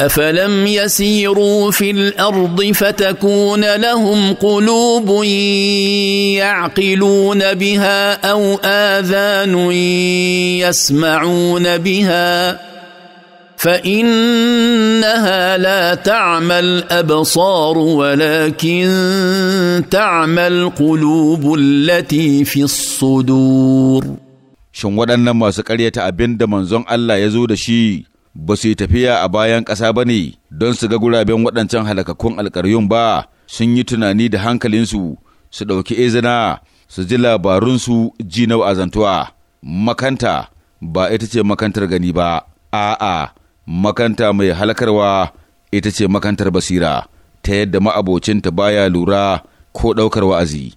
افلم يسيروا في الارض فتكون لهم قلوب يعقلون بها او اذان يسمعون بها فانها لا تعمى الابصار ولكن تعمى القلوب التي في الصدور shin waɗannan masu ƙaryata abin أَلَّا manzon شِيْءٍ ba su yi tafiya a bayan ƙasa ba ne don su ga guraben waɗancan halakakkun alƙaryun ba sun yi tunani da hankalinsu su ɗauki izina su ji labarunsu ji na azantuwa makanta ba ita ce makantar gani ba a'a makanta mai halakarwa ita ce makantar basira ta yadda ma'abocinta baya lura ko ɗaukar wa'azi